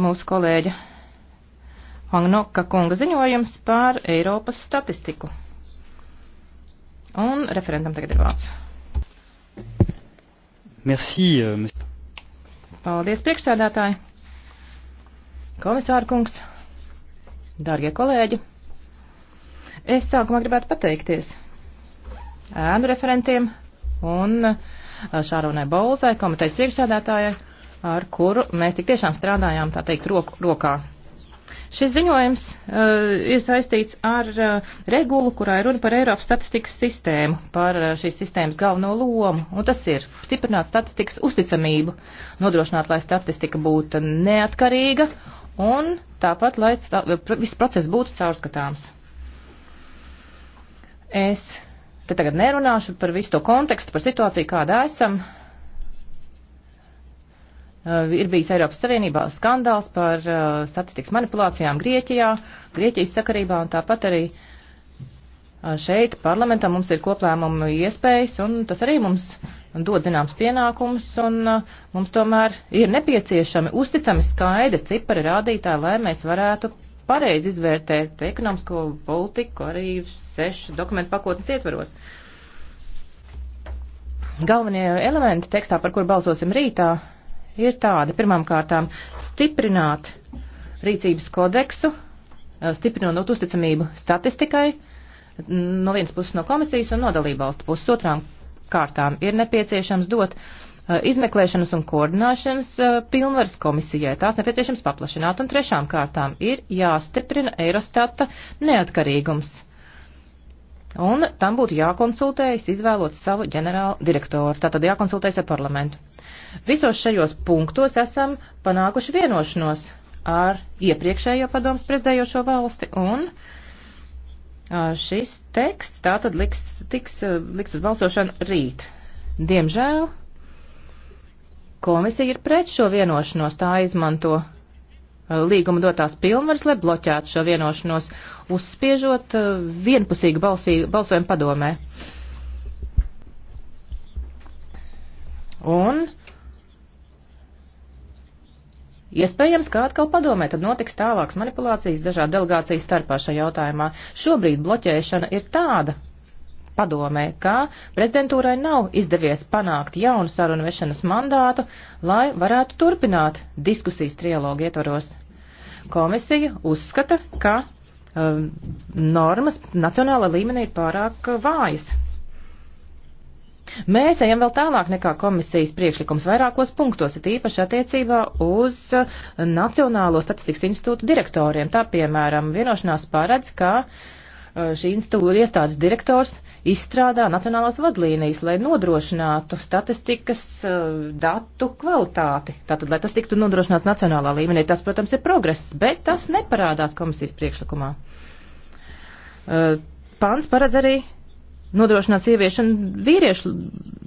mūsu kolēģa Hangnoka kunga ziņojums par Eiropas statistiku. Un referentam tagad ir vārds. Merci. Euh, Paldies, priekšsēdētāji. Komisāra kungs, dārgie kolēģi. Es sākumā gribētu pateikties ēnu referentiem un uh, Šārunai Bolzai, komitejas priekšsēdētājai ar kuru mēs tik tiešām strādājām, tā teikt, roku, rokā. Šis ziņojums uh, ir saistīts ar uh, regulu, kurā ir runa par Eiropas statistikas sistēmu, par uh, šīs sistēmas galveno lomu, un tas ir stiprināt statistikas uzticamību, nodrošināt, lai statistika būtu neatkarīga un tāpat, lai stā, viss process būtu caurskatāms. Es te tagad nerunāšu par visu to kontekstu, par situāciju, kādā esam. Uh, Eh, ir bijis Eiropas Savienībā skandāls par uh, statistikas manipulācijām Grieķijā, Grieķijas sakarībā un tāpat arī uh, šeit parlamentā mums ir koplēmumu iespējas un tas arī mums dod zināms pienākums un uh, mums tomēr ir nepieciešami uzticami skaidri cipari rādītāji, lai mēs varētu pareizi izvērtēt ekonomisko politiku arī sešu dokumentu pakotnes ietvaros. Galvenie elementi tekstā, par kur balsosim rītā, ir tādi. Pirmām kārtām stiprināt rīcības kodeksu, stiprinot uzticamību statistikai no vienas puses no komisijas un no dalībvalstu puses. Otrām kārtām ir nepieciešams dot izmeklēšanas un koordināšanas pilnvaras komisijai. Tās nepieciešams paplašināt. Un trešām kārtām ir jāstiprina Eirostata neatkarīgums. Un tam būtu jākonsultējas, izvēlot savu ģenerālu direktoru. Tātad jākonsultējas ar parlamentu. Visos šajos punktos esam panākuši vienošanos ar iepriekšējo padomus prezidējošo valsti un šis teksts tātad liks, tiks, liks uz balsošanu rīt. Diemžēl komisija ir pret šo vienošanos, tā izmanto līguma dotās pilnvaras, lai bloķētu šo vienošanos, uzspiežot vienpusīgu balsī, balsojumu padomē. Un Iespējams, kā atkal padomē, tad notiks tālākas manipulācijas dažādu delegāciju starpā šajā jautājumā. Šobrīd bloķēšana ir tāda padomē, ka prezidentūrai nav izdevies panākt jaunu sarunu vešanas mandātu, lai varētu turpināt diskusijas trialogu ietvaros. Komisija uzskata, ka um, normas nacionāla līmenī ir pārāk uh, vājas. Mēs ejam vēl tālāk nekā komisijas priekšlikums vairākos punktos, it īpaši attiecībā uz uh, Nacionālo statistikas institūtu direktoriem. Tā, piemēram, vienošanās paredz, ka uh, šī institūta iestādes direktors izstrādā nacionālās vadlīnijas, lai nodrošinātu statistikas uh, datu kvalitāti. Tātad, lai tas tiktu nodrošināts nacionālā līmenī, tas, protams, ir progress, bet tas neparādās komisijas priekšlikumā. Pants paredz arī nodrošināt sieviešanu vīriešu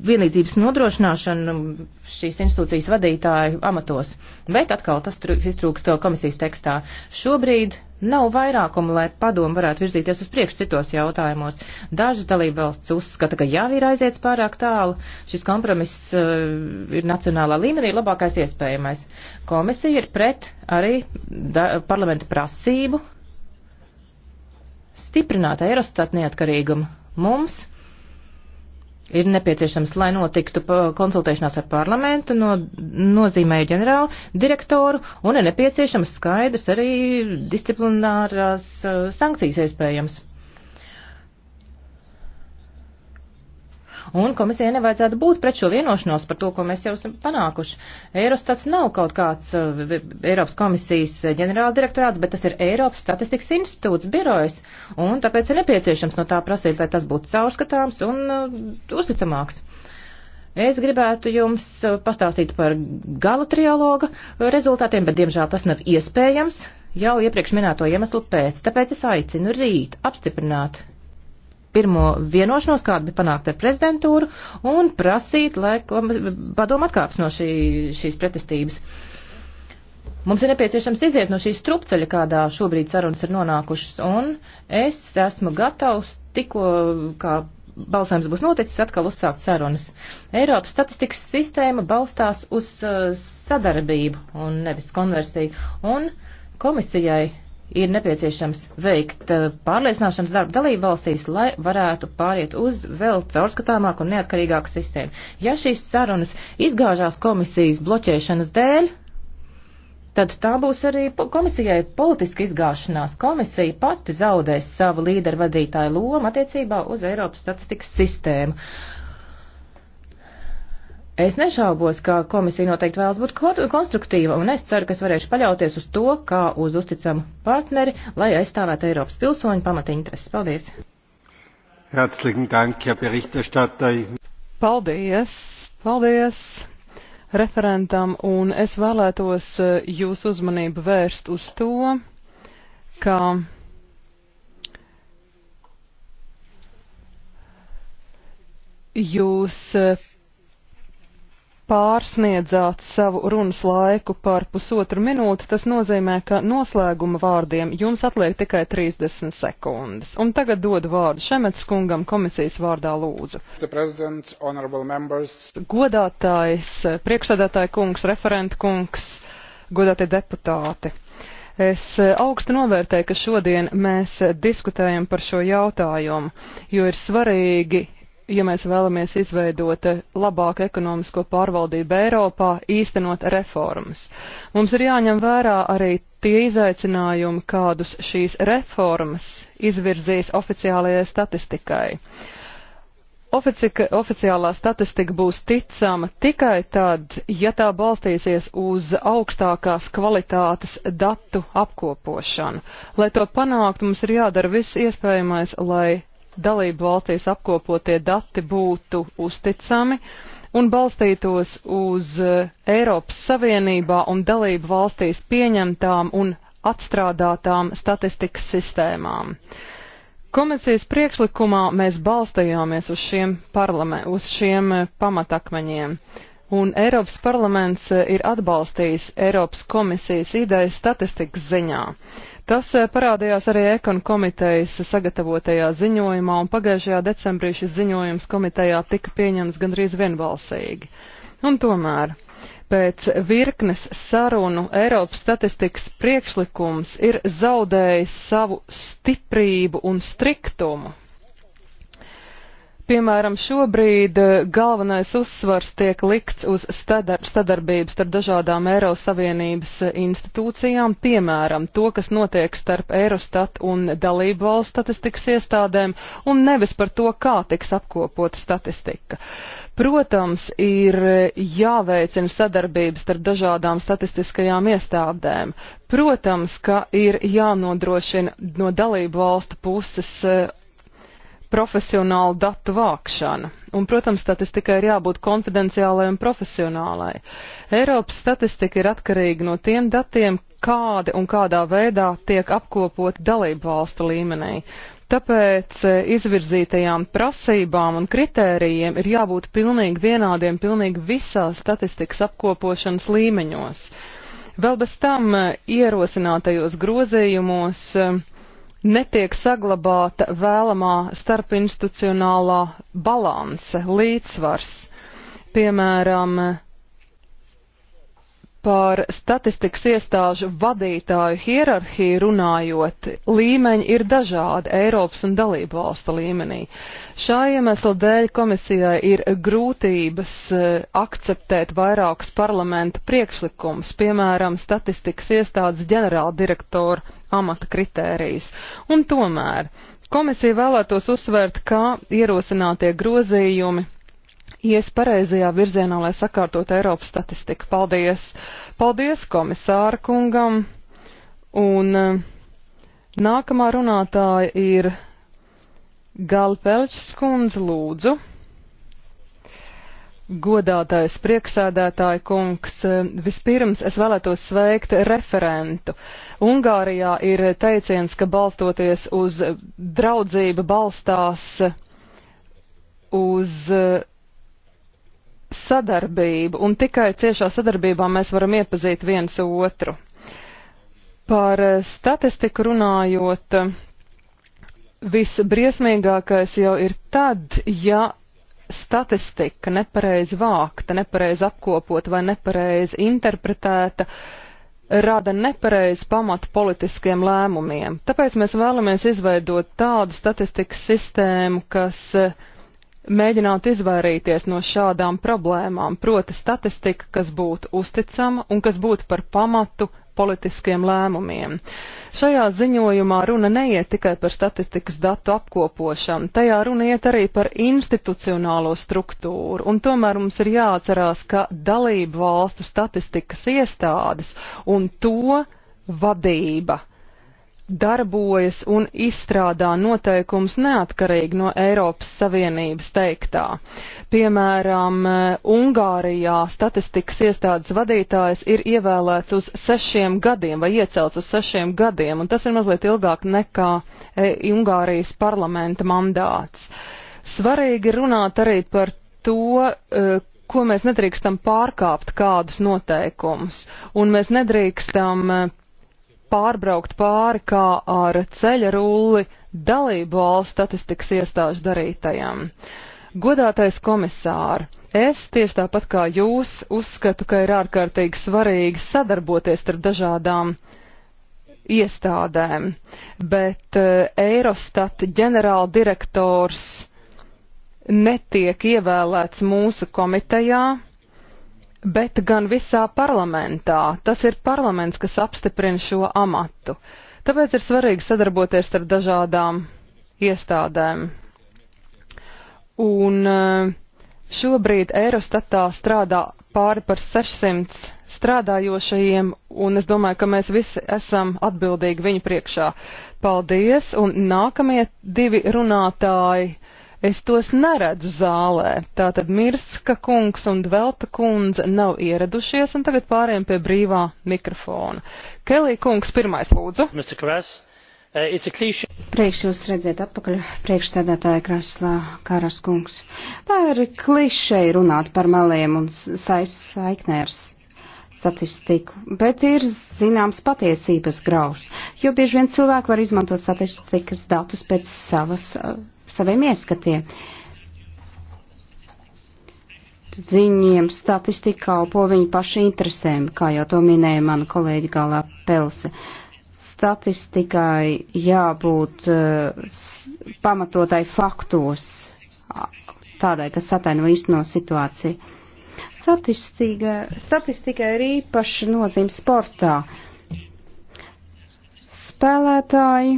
vienlīdzības nodrošināšanu šīs institūcijas vadītāju amatos. Bet atkal tas iztrūkst komisijas tekstā. Šobrīd nav vairākumu, lai padomu varētu virzīties uz priekšu citos jautājumos. Dažas dalībvalsts uzskata, ka jau ir aiziets pārāk tālu. Šis kompromiss uh, ir nacionālā līmenī labākais iespējamais. Komisija ir pret arī da, parlamenta prasību stiprināt Eurostat neatkarīgumu Mums ir nepieciešams, lai notiktu konsultēšanās ar parlamentu, no, nozīmēju ģenerālu direktoru, un ir nepieciešams skaidrs arī disciplinārās uh, sankcijas iespējams. un komisijai nevajadzētu būt pret šo vienošanos par to, ko mēs jau esam panākuši. Eirostats nav kaut kāds uh, Eiropas komisijas ģenerāldirektorāts, bet tas ir Eiropas statistikas institūts birojas, un tāpēc ir nepieciešams no tā prasīt, lai tas būtu caurskatāms un uh, uzticamāks. Es gribētu jums uh, pastāstīt par gala trialoga uh, rezultātiem, bet diemžēl tas nav iespējams jau iepriekš minēto iemeslu pēc. Tāpēc es aicinu rīt apstiprināt pirmo vienošanos, kāda bija panākta ar prezidentūru, un prasīt, lai padomu atkāps no šī, šīs pretestības. Mums ir nepieciešams iziet no šīs trupceļa, kādā šobrīd sarunas ir nonākušas, un es esmu gatavs tikko, kā balsojums būs noticis, atkal uzsākt sarunas. Eiropas statistikas sistēma balstās uz uh, sadarbību un nevis konversiju, un komisijai ir nepieciešams veikt eh, pārliecināšanas darbu dalību valstīs, lai varētu pāriet uz vēl caurskatāmāku un neatkarīgāku sistēmu. Ja šīs sarunas izgāžās komisijas bloķēšanas dēļ, tad tā būs arī komisijai politiska izgāšanās. Komisija pati zaudēs savu līderu vadītāju lomu attiecībā uz Eiropas statistikas sistēmu. Uh, Es nešaubos, ka komisija noteikti vēlas būt konstruktīva, un es ceru, ka es varēšu paļauties uz to, kā uz uzticamu partneri, lai aizstāvētu Eiropas pilsoņu pamatintereses. Paldies! Herzlichen Dank, Herr Berichterstatter. Paldies! Paldies! referentam, un es vēlētos eh, jūsu uzmanību vērst uz to, ka jūs eh, pārsniedzāt savu runas laiku par pusotru minūti, tas nozīmē, ka noslēguma vārdiem jums atliek tikai 30 sekundes. Un tagad dodu vārdu Šemets kungam komisijas vārdā lūdzu. Godātājs, eh, priekšsēdētāja kungs, referenta kungs, godātie deputāti. Es eh, augstu novērtēju, ka šodien mēs eh, diskutējam par šo jautājumu, jo ir svarīgi ja mēs vēlamies izveidot eh, labāku ekonomisko pārvaldību Eiropā, īstenot reformas. Mums ir jāņem vērā arī tie izaicinājumi, kādus šīs reformas izvirzīs oficiālajai statistikai. Oficika, oficiālā statistika būs ticama tikai tad, ja tā balstīsies uz augstākās kvalitātes datu apkopošanu. Lai to panāktu, mums ir jādara viss iespējamais, lai dalību valstīs apkopotie dati būtu uzticami un balstītos uz eh, Eiropas Savienībā un dalību valstīs pieņemtām un atstrādātām statistikas sistēmām. Komisijas priekšlikumā mēs balstījāmies uz šiem, uz šiem eh, pamatakmeņiem, un Eiropas parlaments eh, ir atbalstījis Eiropas komisijas idejas statistikas ziņā. Uh, Tas eh, parādījās arī Ekon komitejas sagatavotajā ziņojumā, un pagājušajā decembrī šis ziņojums komitejā tika pieņemts gandrīz vienbalsīgi. Un tomēr pēc virknes sarunu Eiropas statistikas priekšlikums ir zaudējis savu stiprību un striktumu. Piemēram, šobrīd eh, galvenais uzsvars tiek likts uz sadarbību starp dažādām Eiropas Savienības eh, institūcijām, piemēram, to, kas notiek starp Eurostat un dalību valsts statistikas iestādēm, un nevis par to, kā tiks apkopota statistika. Protams, ir eh, jāveicina sadarbības starp dažādām statistiskajām iestādēm. Protams, ka ir jānodrošina no dalību valstu puses profesionāla datu vākšana. Un, protams, statistikai ir jābūt konfidenciālai un profesionālai. Eiropas statistika ir atkarīga no tiem datiem, kādi un kādā veidā tiek apkopot dalību valstu līmenī. Tāpēc eh, izvirzītajām prasībām un kritērijiem ir jābūt pilnīgi vienādiem pilnīgi visās statistikas apkopošanas līmeņos. Vēl bez tam eh, ierosinātajos grozījumos uh, netiek saglabāta vēlamā starpinstitucionālā balanse, līdzsvars. Piemēram, par statistikas iestāžu vadītāju hierarhiju runājot, līmeņi ir dažādi Eiropas un dalību valstu līmenī. Šā iemesla dēļ komisijai ir grūtības e, akceptēt vairākus parlamenta priekšlikumus, piemēram, statistikas iestādes ģenerāldirektora amata kritērijas. Un tomēr komisija vēlētos uzsvērt, kā ierosinātie grozījumi ies pareizajā virzienā, lai sakārtot Eiropas statistiku. Paldies! Paldies komisāra kungam! Un eh, nākamā runātāja ir Galpelčs kundze lūdzu. Godātais prieksēdētāja kungs, eh, vispirms es vēlētos sveikt referentu. Ungārijā ir teiciens, ka balstoties uz draudzību balstās uz uh, sadarbību, un tikai ciešā sadarbībā mēs varam iepazīt viens otru. Par eh, statistiku runājot, visbriesmīgākais jau ir tad, ja statistika nepareizi vākta, nepareizi apkopot vai nepareizi interpretēta, rada nepareizi pamatu politiskiem lēmumiem. Tāpēc mēs vēlamies izveidot tādu statistikas sistēmu, kas uh, mēģināt izvairīties no šādām problēmām, proti statistika, kas būtu uzticama un kas būtu par pamatu politiskiem lēmumiem. Šajā ziņojumā runa neiet tikai par statistikas datu apkopošanu, tajā runa iet arī par institucionālo struktūru, un tomēr mums ir jāatcerās, ka dalību valstu statistikas iestādes un to vadība darbojas un izstrādā noteikums neatkarīgi no Eiropas Savienības teiktā. Piemēram, eh, Ungārijā statistikas iestādes vadītājs ir ievēlēts uz sešiem gadiem vai iecelts uz sešiem gadiem, un tas ir mazliet ilgāk nekā eh, Ungārijas parlamenta mandāts. Svarīgi ir runāt arī par to, eh, ko mēs nedrīkstam pārkāpt kādus noteikumus, un mēs nedrīkstam pārbraukt pāri kā ar ceļa rulli dalību valsts statistikas iestāžu darītajam. Godātais komisāri, es tieši tāpat kā jūs uzskatu, ka ir ārkārtīgi svarīgi sadarboties starp dažādām iestādēm, bet Eirostat eh, ģenerāldirektors netiek ievēlēts mūsu komitejā, bet gan visā parlamentā. Tas ir parlaments, kas apstiprina šo amatu. Tāpēc ir svarīgi sadarboties ar dažādām iestādēm. Un eh, šobrīd Eurostatā strādā pāri par 600 strādājošajiem, un es domāju, ka mēs visi esam atbildīgi viņu priekšā. Paldies, un nākamie divi runātāji Es tos neredzu zālē. Tātad Mirska kungs un Dvelta kundze nav ieradušies, un tagad pārējiem pie brīvā mikrofona. Kelī kungs, pirmais lūdzu. Uh, Priekš jūs redzēt atpakaļ priekšsēdētāja krāslā Kāras kungs. Tā ir klišei runāt par meliem un saiknērs statistiku, bet ir zināms patiesības graus, jo bieži vien cilvēki var izmantot statistikas datus pēc savas uh, saviem ieskatiem. Viņiem statistika kalpo viņu pašu interesēm, kā jau to minēja mana kolēģi Galā Pelse. Statistikai jābūt uh, pamatotai faktos, tādai, kas ataino īsteno situāciju. Statistika, statistika ir īpaša nozīme sportā. Spēlētāji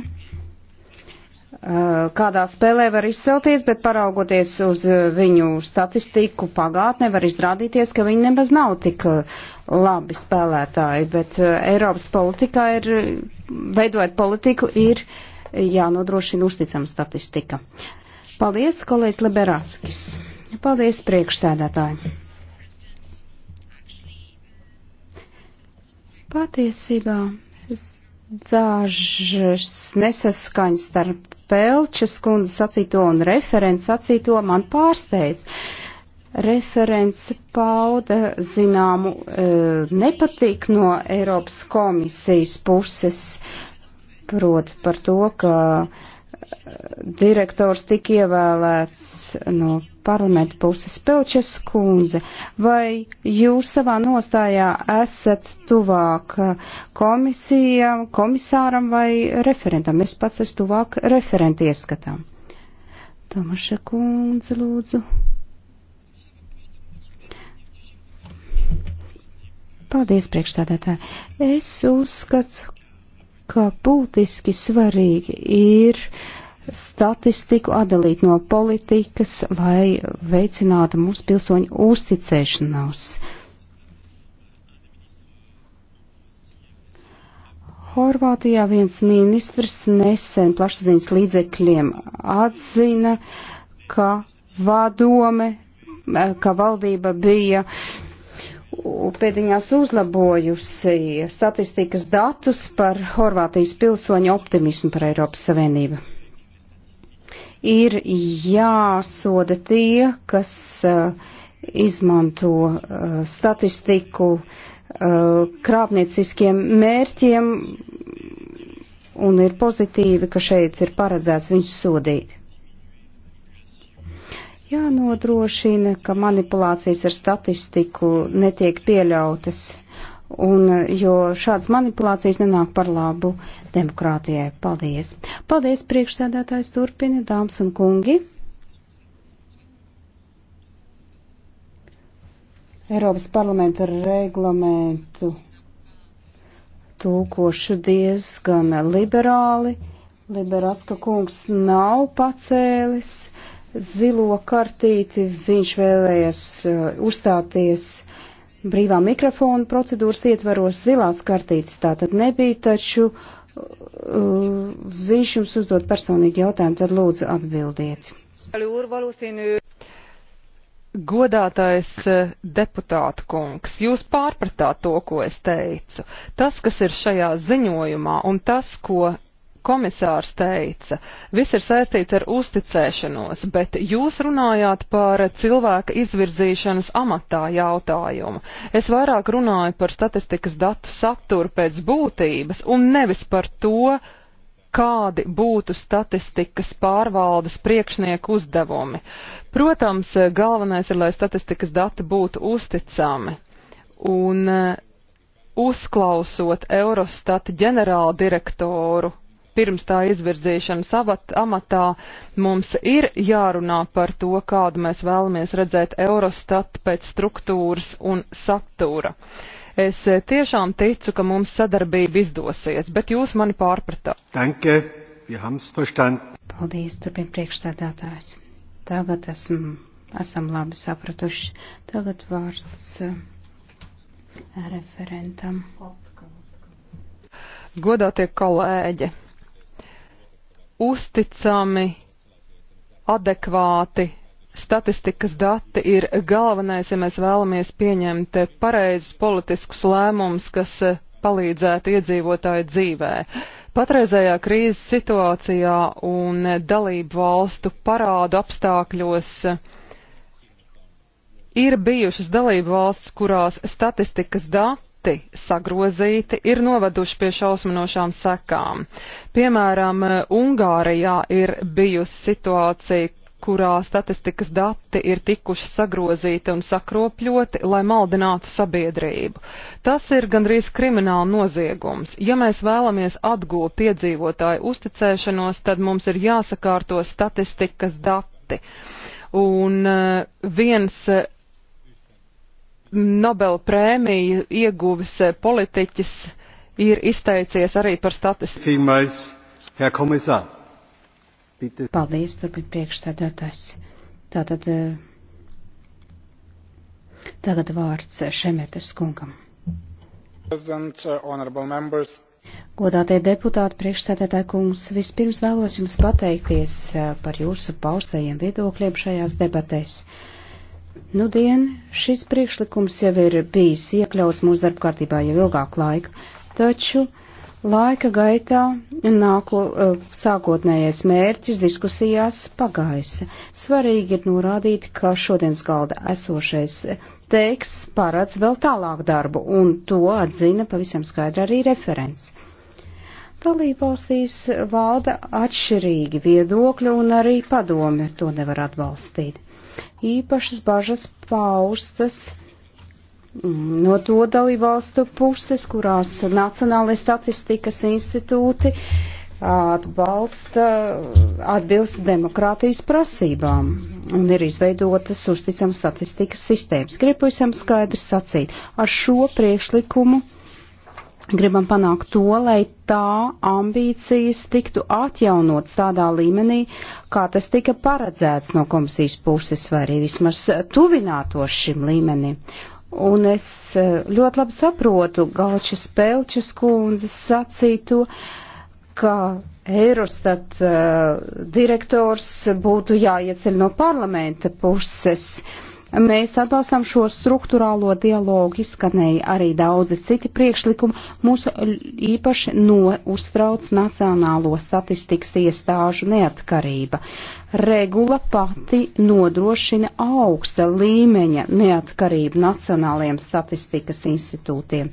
Eh, kādā spēlē var izcelties, bet paraugoties uz eh, viņu statistiku pagātnē, var izrādīties, ka viņi nemaz nav tik eh, labi spēlētāji, bet Eiropas politikā ir, veidojot politiku, ir jānodrošina uzticama statistika. Paldies, kolēģis Liberaskis. Paldies, priekšsēdētāji. Patiesībā zāžas nesaskaņas starp Pelčas kundze sacīto un referents sacīto man pārsteidz. Referents pauda zināmu e, nepatīk no Eiropas komisijas puses, proti par to, ka e, direktors tika ievēlēts no parlamenta puses. Pelčes kundze, vai jūs savā nostājā esat tuvāk komisijam, komisāram vai referentam? Es pats esmu tuvāk referenti ieskatām. Tomaša kundze, lūdzu. Paldies, priekšstādātāji. Es uzskatu, ka būtiski svarīgi ir uh, statistiku atdalīt no politikas, lai veicinātu mūsu pilsoņu uzticēšanos. Horvātijā viens ministrs nesen plašsaziņas līdzekļiem atzina, ka vadome, ka valdība bija pēdiņās uzlabojusi statistikas datus par Horvātijas pilsoņu optimismu par Eiropas Savienību ir jāsoda tie, kas uh, izmanto uh, statistiku uh, krāpnieciskiem mērķiem, un ir pozitīvi, ka šeit ir paredzēts viņus sodīt. Jānodrošina, ka manipulācijas ar statistiku netiek pieļautas un jo šādas manipulācijas nenāk par labu demokrātijai. Paldies! Paldies, priekšsēdētājs turpina, dāmas un kungi! Eiropas parlamenta reglamentu tūkoši diezgan liberāli. Liberātska kungs nav pacēlis zilo kartīti, viņš vēlējies uh, uzstāties uh, brīvā mikrofona procedūras ietvaros zilās kartītes. Tātad nebija, taču uh, viņš jums uzdod personīgi jautājumu, tad lūdzu atbildiet. Godātais eh, deputāta kungs, jūs pārpratāt to, ko es teicu. Tas, kas ir šajā ziņojumā un tas, ko komisārs teica, viss ir saistīts ar uzticēšanos, bet jūs runājāt par cilvēka izvirzīšanas amatā jautājumu. Es vairāk runāju par statistikas datu saturu pēc būtības un nevis par to, kādi būtu statistikas pārvaldes priekšnieku uzdevumi. Protams, galvenais ir, lai statistikas dati būtu uzticami. Un uh, uzklausot Eurostata ģenerāldirektoru pirms tā izvirzīšanas amatā mums ir jārunā par to, kādu mēs vēlamies redzēt Eurostat pēc struktūras un satura. Es eh, tiešām ticu, ka mums sadarbība izdosies, bet jūs mani pārpratāt. Danke, wir haben's verstanden. Paldies, turpin priekšstādātājs. Tagad esmu, esam labi sapratuši. Tagad vārds eh, referentam. Godātie kolēģi! uzticami, adekvāti statistikas dati ir galvenais, ja mēs vēlamies pieņemt pareizus politiskus lēmumus, kas palīdzētu iedzīvotāju dzīvē. Patreizējā krīzes situācijā un dalību valstu parādu apstākļos ir bijušas dalību valsts, kurās statistikas dati ļoti sagrozīti, ir novaduši pie šausminošām sekām. Piemēram, Ungārijā ir bijusi situācija, kurā statistikas dati ir tikuši sagrozīti un sakropļoti, lai maldinātu sabiedrību. Tas ir gandrīz krimināla noziegums. Ja mēs vēlamies atgūt piedzīvotāju uzticēšanos, tad mums ir jāsakārto statistikas dati. Un eh, viens Nobel prēmiju ieguvis politiķis ir izteicies arī par statistiku. Paldies, turpin priekšsēdētājs. Tātad eh, tagad vārds Šemetes kungam. Eh, Godātie deputāti, priekšsēdētāji kungs, vispirms vēlos jums pateikties eh, par jūsu paustajiem viedokļiem šajās debatēs. Nudien šis priekšlikums jau ir bijis iekļauts mūsu darba kārtībā jau ilgāku laiku, taču laika gaitā nāko, eh, sākotnējais mērķis diskusijās pagājis. Svarīgi ir norādīt, ka šodienas galda esošais teksts paredz vēl tālāk darbu, un to atzina pavisam skaidri arī referents. Dalībvalstīs valda atšķirīgi viedokļi un arī padome to nevar atbalstīt īpašas bažas paustas mm, no to dalībvalstu puses, kurās Nacionālajie statistikas institūti atbalsta, atbilst demokrātijas prasībām un ir izveidotas uzticams statistikas sistēmas. Gribu visam skaidri sacīt, ar šo priekšlikumu gribam panākt to, lai tā ambīcijas tiktu atjaunots tādā līmenī, kā tas tika paredzēts no komisijas puses, vai arī vismaz tuvinātos šim līmenim. Un es e, ļoti labi saprotu Galčas Pelčas kundzes sacīto, ka Eurostat e, direktors būtu jāieceļ no parlamenta puses. Uh, Mēs atbalstām šo struktūrālo dialogu, izskanēja arī daudzi citi priekšlikumi. Mūsu īpaši no uztrauc Nacionālo statistikas iestāžu neatkarība. Regula pati nodrošina augsta līmeņa neatkarību Nacionālajiem statistikas institūtiem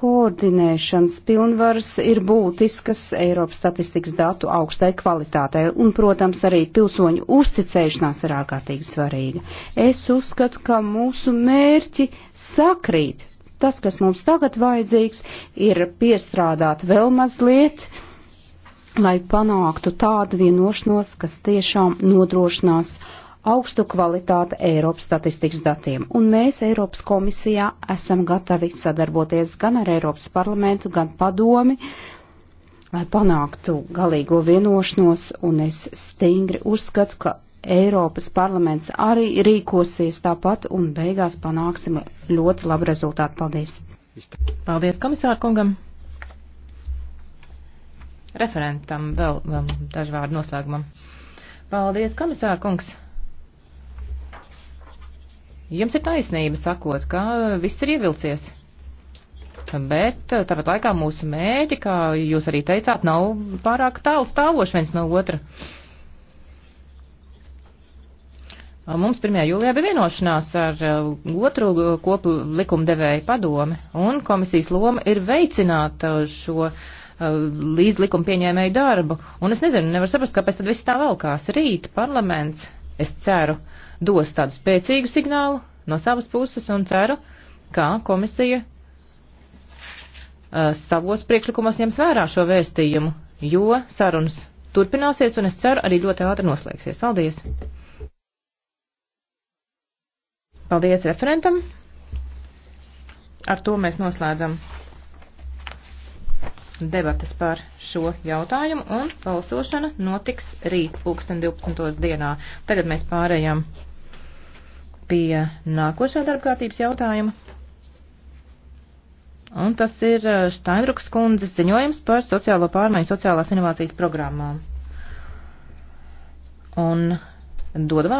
koordinēšanas pilnvaras ir būtiskas Eiropas statistikas datu augstai kvalitātei, un, protams, arī pilsoņu uzticēšanās ir ārkārtīgi svarīga. Es uzskatu, ka mūsu mērķi sakrīt. Tas, kas mums tagad vajadzīgs, ir piestrādāt vēl mazliet, lai panāktu tādu vienošanos, kas tiešām nodrošinās uh, augstu kvalitāti Eiropas statistikas datiem, un mēs Eiropas komisijā esam gatavi sadarboties gan ar Eiropas parlamentu, gan padomi, lai panāktu galīgo vienošanos, un es stingri uzskatu, ka Eiropas parlaments arī rīkosies tāpat, un beigās panāksim ļoti labu rezultātu. Paldies! Paldies komisārkungam! Referentam vēl, vēl dažu vārdu noslēgumam. Paldies, komisārkungs! Jums ir taisnība sakot, ka viss ir ievilcies. Bet eh, tāpat laikā mūsu mēģi, kā jūs arī teicāt, nav pārāk tālu stāvoši viens no otra. Mums 1. jūlijā bija vienošanās ar eh, otru kopu likumdevēju padomi, un komisijas loma ir veicināt eh, šo līdz likuma pieņēmēju darbu. Un es nezinu, nevar saprast, kāpēc tad viss tā valkās. Rīt parlaments, es ceru, uh, dos tādu spēcīgu signālu no savas puses un ceru, ka komisija uh, savos priekšlikumos ņems vērā šo vēstījumu, jo sarunas turpināsies un es ceru arī ļoti ātri noslēgsies. Paldies! Paldies referentam! Ar to mēs noslēdzam debatas par šo jautājumu, un balsošana notiks rīt pulksten 12. dienā. Tagad mēs pārējām pie nākošā darbkārtības jautājuma. Un tas ir Štainruks eh, kundzes ziņojums par sociālo pārmaiņu sociālās inovācijas programmām. Un dod vārdu.